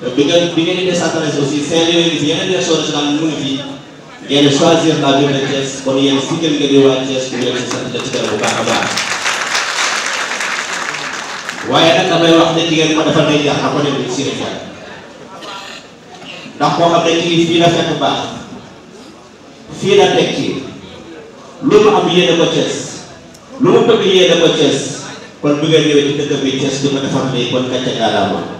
bi nga bi nga indee sa Thiès aussi Saint-Louis bi yeneen élection nationale mu ngi fi ngeen choisir la ville de Thiès kon yéen si ngeen gën a waa Thiès bu ngeen si sant ci bu baax a baax. waaye nag damay wax ne jigéen ma dafa lay yàq ko dem si région ndax koo xam ne kii fii la fekk baax fii la tekki lu mu am yéene ko Thiès lu mu bëgg yéene ko Thiès kon bu ngeen ñëwee ci dëkk bi Thiès du ma defar ne kon gàcce gaalaama.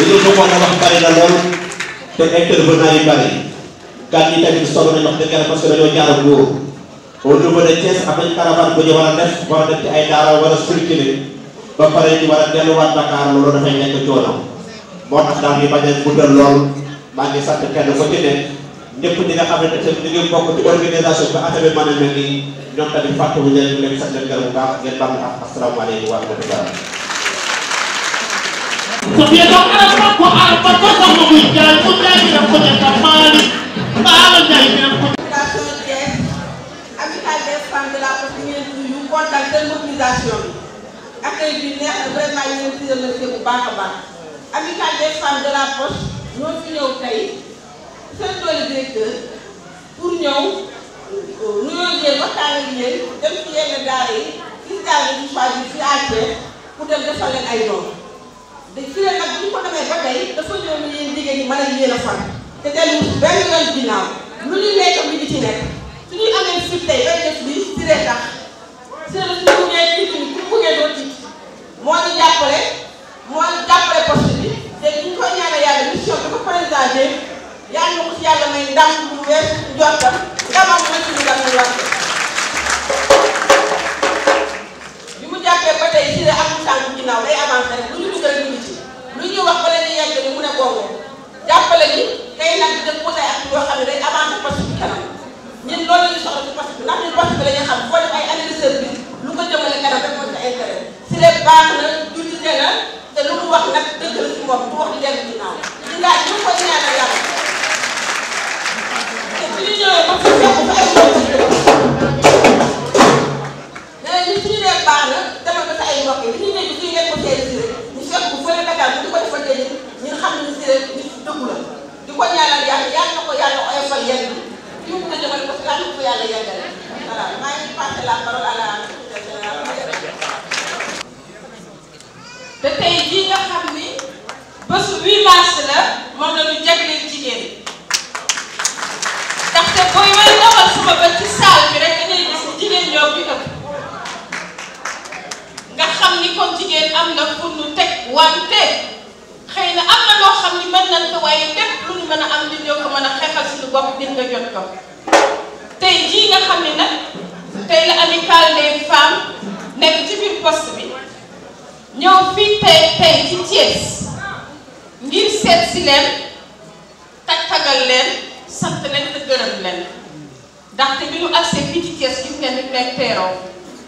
bu ñu bëggoon a wax bari na lool te intervenant yi bari gàtt yi tamit solo nañ wax dëgg yàlla parce que dañoo jaar wóor au niveau de Thiès am nañ caravane bu ñu war a def war a def ci ay daara war a structuré ba pare ñu war a delluwaat Dakar loolu dafay nekk coono moo tax daal ñu bañ a guddal lool maa ngi sant kenn ko ci nekk ñëpp ñi nga xam ne tamit ñu ngi bokk ci organisation bi affaire bi mën a mel nii ñoom tamit fàttali ñu leen di leen sant leen gërëm bu baax ngeen baax asalaamaaleykum wa rahmatulah. koɓeɗo arata ko arata kosomo moy jaay mo jaayiran ko ñanta maali mbaala jaayiran ko amicale des femmes de la poste ñu leen di nuyu kontaan seen mobilisation bi accueil bi neex na vraiment ñu leen di remercier bu baax a baax amicale des femmes de la poste ñoo fi ñëw tey seen doole directeur pour ñëw nuyoo ngeen waxtaan ak yéen dem ci yenn daara yi ci daara yi ñu choisir ci àtte pour dem defal leen ay doom di file nag bu ñu ko defee ba tey dafa ñëw ni yéen jigéen ñi mën a yéen a fan te dellu benn yoon ginnaaw lu ñu nekk mi ngi ci nekk su ñuy amee fit tey bay def bi si ree tax si ree su ñu ñëwee ci ñu ku ngeen doo ci moo ñu jàppale moo ñu jàppale poste bi te ñu koy ñaane yàlla mission bi ko présenté yàlla na ko ci yàlla may ndam bu weesu jottam ndamam na suñu ndam ñu wàcce bi mu jàppee ba tey si ree amul tànk ginnaaw day avancé rek lu ñu dugal lu ñu wax ba leen yegg ni mu ne googu jàppale ni kay nag di def mu ne ak yoo xam ne day avancé poste bi kanam ñun loolu la ñu soxla ci poste bi ndax ñun poste bi la ñu xam boo def ay analyseur bi lu ko jëmale kanam rek mooy sa intérêt si leen baax na jullite na te lu mu wax nag dëgg la si moom du wax di dellu ginnaaw ñu ngaa ñu ko ñaanal yàlla te fi ñu ñëwee ba fi fekk fa ay mbokk yi nee na ñu suñu leen baax na demal ko sa ay mbokk yi li ñu ne waaye bu ñu ko defante ni ñun xam nañu si rek nit dëggu la di ko ñaanal yàlla yàlla na ko yàlla oyofal yenn bi fi mu mën a demal ko yàlla na ko yàlla yeggale voilà maa ngi passé la parole à la te tey jii nga xam ni bésu 8 mars la moom la ñu jagleel jigéen ndaxte booy may doxal sama bët ci saal bi rek da ngay gis jigéen ñoom ñu ëpp xam ni kon jigéen am na pour ñu teg wante xëy na am na loo xam ni mën nañ ko waaye lépp lu ñu mën a am di ñoo ko mën a xeexal suñu bopp din nga jot ko tey jii nga xam ne nag tey la amicale des femmes nekk ci biir poste bi ñëw fii tey tey ci Thiès ngir seet si leen tag-tagal leen sant leen te gërëm leen ndaxte bi ñu agsee fii ci Thiès gis ngeen ni nekk teeroo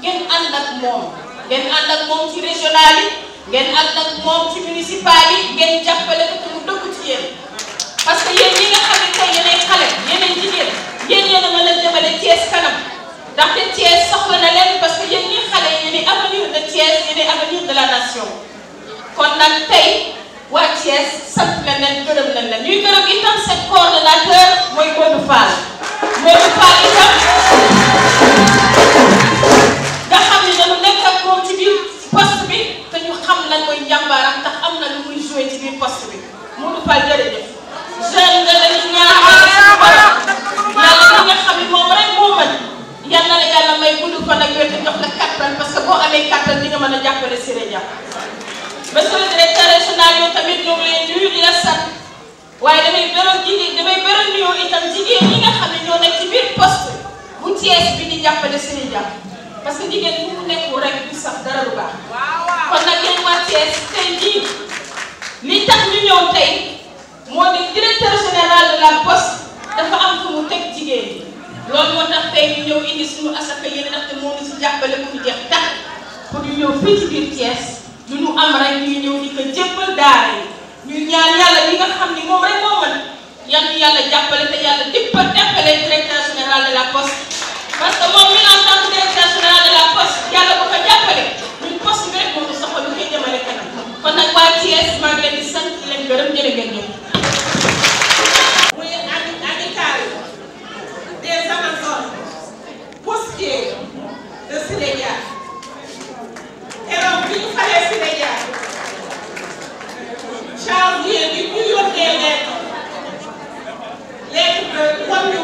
gen andak mom gen andak mom ci régional yi gen andak mom ci municipal yi gen jàppale ko te mu ci yéen parce que yéen ñi nga xam ne tey yéenay xale yéenay yene yéen yéen a mën a jëmale Thiès kanam ci Thiès soxla na leen parce que ni xalé xale ni avenir de ci Thiès yéenay avenir de la nation kon nak tay wa ci Thiès sant nañ leen gërëm nañ leen ñuy gërëm itam seen coordinateur moy Modou Fall Modou Fall itam. jàmbaaram ndax am na lu muy joué ci biir poste bi Modou Fall jërëjëf jeune nga dañu ñaan yàlla li nga xam ne moom rek moo mën yal na la yàlla may gudd fan ak wér te jox la kattan parce que boo amee kattan di nga mën a jàppale Siré Dia monsieur le directeur régional yow tamit ñoo ngi lay nuyu di la sant waaye damay beral jigéen damay beral nuyoo itam jigéen ñi nga xam ne ñoo nekk ci biir poste bu Thiès bi di jàppale Siré Dia parce que jigéen bu mu nekkul rek du sax dara lu baax. kon nag yéen waa Thiès tey li tax ñu ñëw tey moo di directeur général de la poste dafa am fu mu teg jigéen ñi loolu moo tax tey ñu ñëw indi suñu asaka yéen ndaxte moo ngi si jàppale jeex tax pour ñu ñëw fii ci biir Thiès ñu am rek ñuy ñëw di ko jébbal daara yi ñu ñaan yàlla li nga xam ni moom rek moo mën yàlla jàppale te yàlla dippal kon nag waa Thiès maa ngi leen di sant di leen gërëm jërë ngeen jëf. muy amicale des Amazones postiers de Siré Dia. keroog bi ñu falee Siré Dia chargé bi ñu yónnee de wan ñu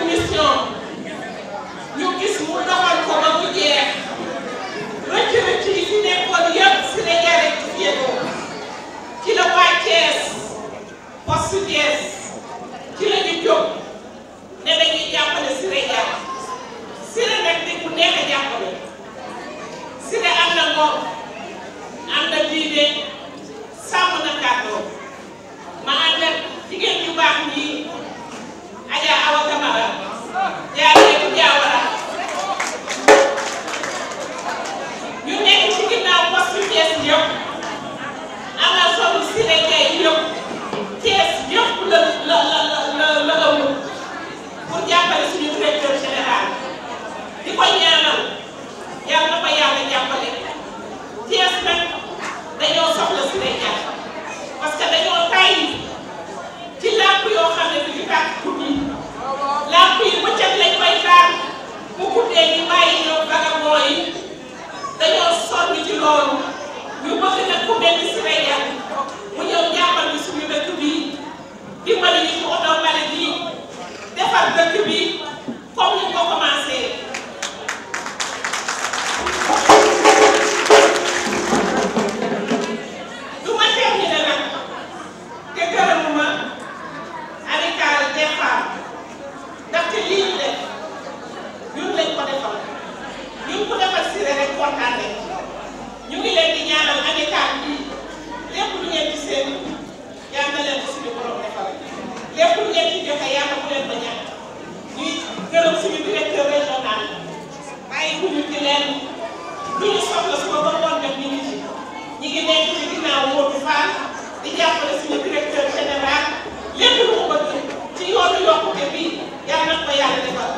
projet bi yàlla na ko yàlla defal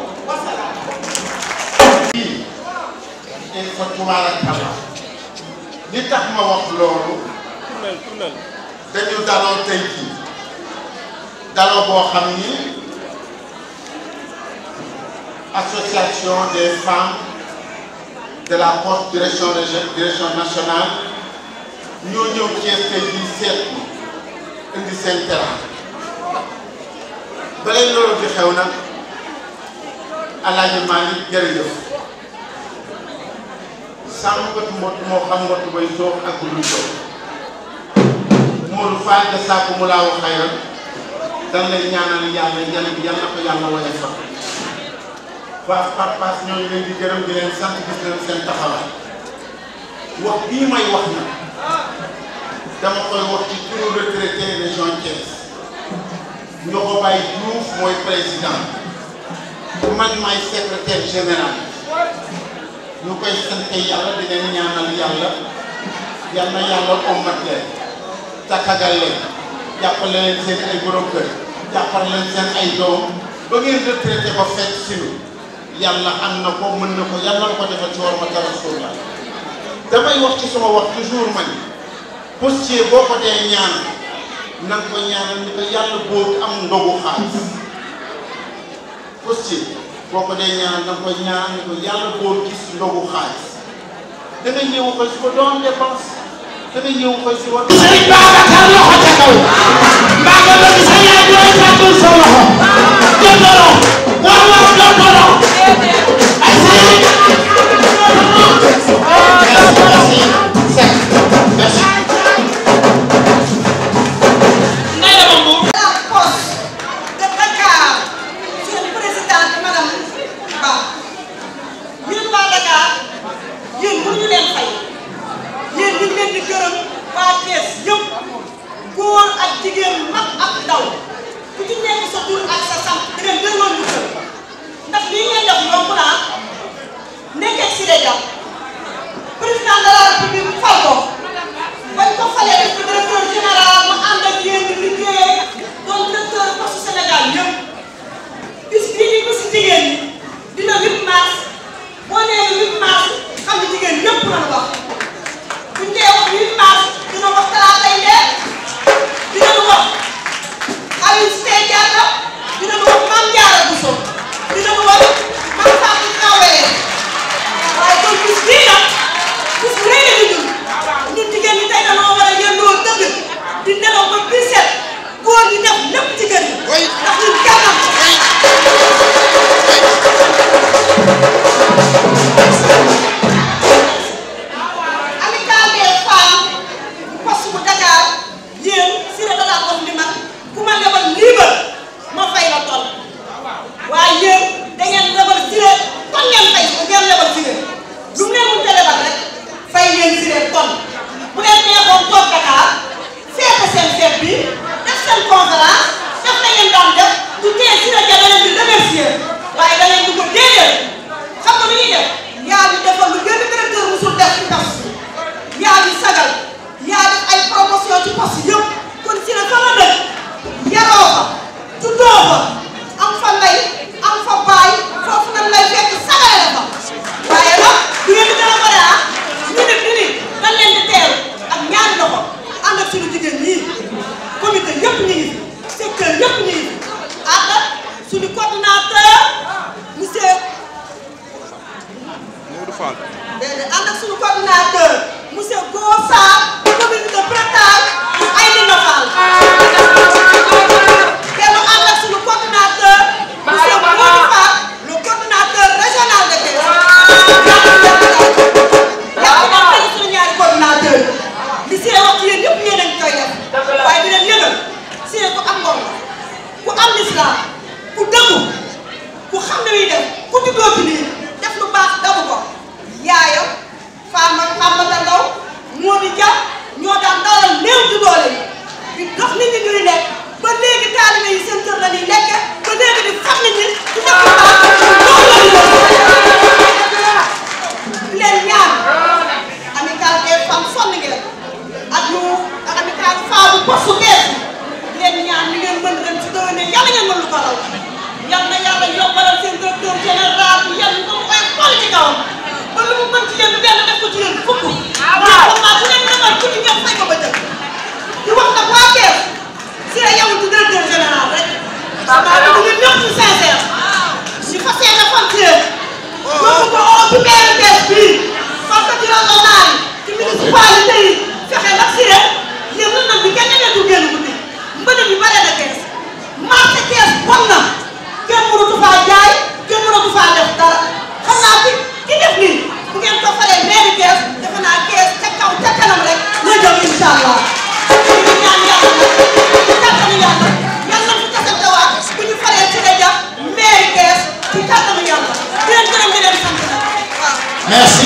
tax ma wax loolu. dañu daloo tey jii daloo boo xam ni association des femmes de la poste direction direction nationale ñoo ñëw Thiès tey indi seen terrain. baleen loolu di xew nag alaaji maa ngi jërëjëf sàmmkat mbott moo xam mbott bay toog ak bu dul toog moolu faay da sàkku mu laa wax xayran dañ lay ñaanal yàlla yàlla bi yàlla ko yàlla wala sax waa Papas ñoo ngi leen di gërëm di sant gis seen taxawaay wax bii may wax na dama koy wax ci turu retraité région Thiès Ndoko Baye Diouf mooy président man maay secrétaire général ñu koy sant yàlla di leen ñaanal yàlla yal na yàlla ombat leen leen jàppale leen seen ay borom kër leen seen ay doom ba ngeen retraité ko fekk si lu yàlla am na ko mën na ko yàlla ko defal ci war ma Rasulullah wax ci sama wax toujours man postier boo ko dee ñaan. na nga ko ni ko yàlla boo am ndogu xaalis aussi boo ko dee ñaanal na nga ko ni ko yàlla boo gis ndogu xaalis da nga ñëw ko si ko doon dépense da nga ñëw ko si woon. sëriñ Babacar loxo ca kaw. mbaa nga bëgg sa yaay ñooy fàttul sa loxo. dootoro. waaw waaw É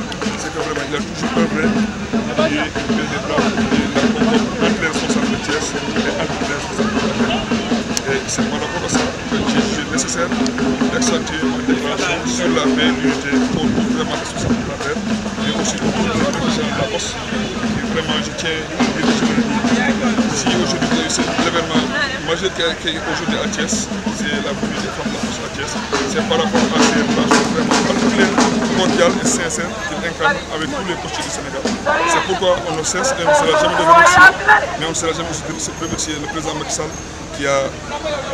travail, il a toujours œuvré qui est le débat entre les responsables de Thiès et entre les responsables de la Et c'est vraiment rapport à ça que j'ai nécessaire d'accentuer mon déclaration sur la vérité pour vraiment les responsables de la terre et aussi pour la région de la Bosse. Et vraiment, je tiens à dire que si aujourd'hui il y vous avez cet événement majeur qui est aujourd'hui à Thiès, c'est la venue des femmes là c'est par rapport à ces relations vraiment particulières, cordiales et sincères qu'il incarne avec tous les postes du Sénégal. C'est pourquoi on ne cesse et on ne sera jamais de remercier, mais on ne sera jamais de remercier le président Macky Sall qui a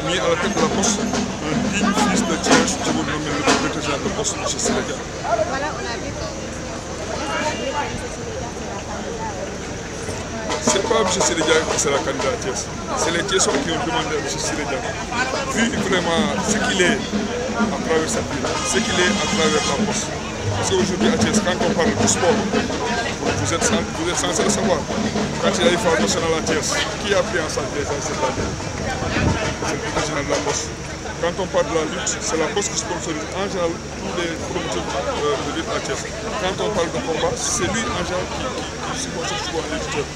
mis à la tête de la poste un digne fils de Thiès, qui vous nommer le Président de la poste du Sénégal. Voilà, on a ce n'est pas M. Sérédia qui sera candidat à Thiès. C'est les Thiessons qui ont demandé à M. Sérédia. Vu vraiment ce qu'il est à travers sa ville, ce qu'il est à travers la poste. Parce qu'aujourd'hui à Thiès, quand on parle du sport, vous êtes, vous êtes censé le savoir. Quand il y a eu un national à Thiès, qui a pris en sa tête c'est cette année C'est le président de la poste. Quand on parle de la lutte, c'est la poste qui sponsorise en général tous les promoteurs euh, de lutte à Thiès. Quand on parle de combat, c'est lui en général qui, qui, qui sponsorise les lutteurs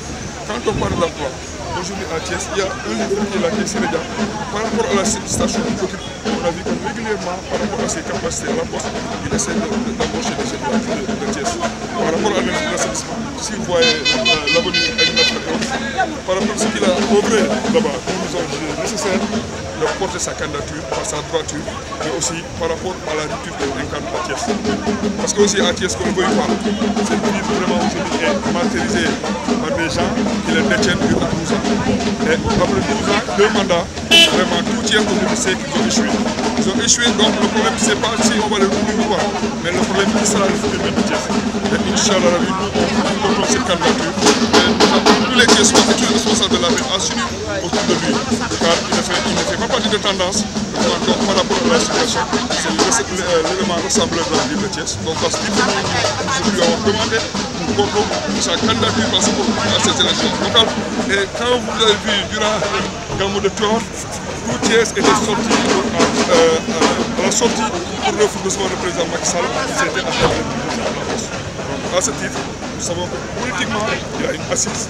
quand on parle d'emploi, aujourd'hui à Thiès, il y a un livre qui est là, qui Sénégal. Par rapport à la station qu'on occupe, on a vu que régulièrement, par rapport à ses capacités à la poste, il essaie d'embaucher des jeunes de, de, Thiès. Par rapport à l'assainissement, si vous voyez euh, l'avenir à par rapport à ce qu'il a œuvré là-bas, nous avons jugé nécessaire de porter sa candidature, par sa droiture, mais aussi par rapport à la rupture de l'incarne à Thiès. Parce que aussi à Thiès, qu'on ne veut pas, c'est ville vraiment aujourd'hui est par des gens qui les détiennent depuis 12 ans. Et après 12 ans, deux mandats, vraiment tout tiers aujourd'hui c'est qui ont échoué. Ils ont échoué, donc le problème c'est pas si on va le trouver ou pas, mais le problème c'est sera le futur de Thiès. Et Inch'Allah, nous, on compte cette candidature. mais nous tous les questions que tu responsable de la ville assurés autour de lui. Car il ne fait, pas partie de tendance, donc par rapport à la situation, c'est l'élément rassembleur de la ville de Thiès. Donc parce qu'il nous, nous lui avons demandé Gogo, sa candidat passe Parti à ces élections locales. Et quand vous avez vu durant Gamou de Tor, tout Thiers était sorti à, euh, euh, à, la sortie pour le fournissement du président Macky Sall, c'était à travers le de la France. Donc à ce titre, nous savons que politiquement, il y a une assise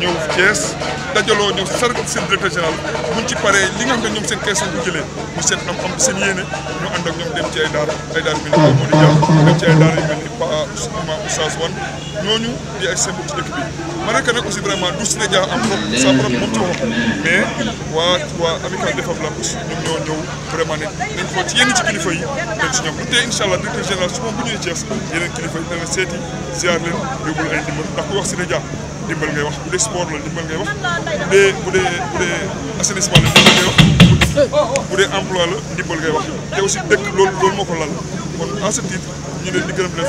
ñëw Thiès dajaloo ñu sargal seen directeur général buñ ci paree li nga xam ne ñoom seen kees lañ ko jëlee mu seen am am seen yéene ñu ànd ak ñoom dem ci ay daara ay mel ni Mody Diallo dem ma nekk nag aussi vraiment du Sénégal am trop sa moom ci waxam mais waa waa amicale des femmes lambus ñoom ñoo ñëw vraiment ne dañ ko ci yenn ci kilifa yi dañ si ñoom bu tey incha allah directeur général su yeneen kilifa yi dana seeti ziar leen yóbbul ay ndimbal ndax ku wax Sénégal ndimbal ngay wax bu dee sport la ndimbal ngay wax bu dee bu dee bu dee assainissement la ndimbal ngay wax bu dee emploi la ndimbal ngay wax te aussi dëkk loolu loolu moo ko lal kon à ce titre ñu leen di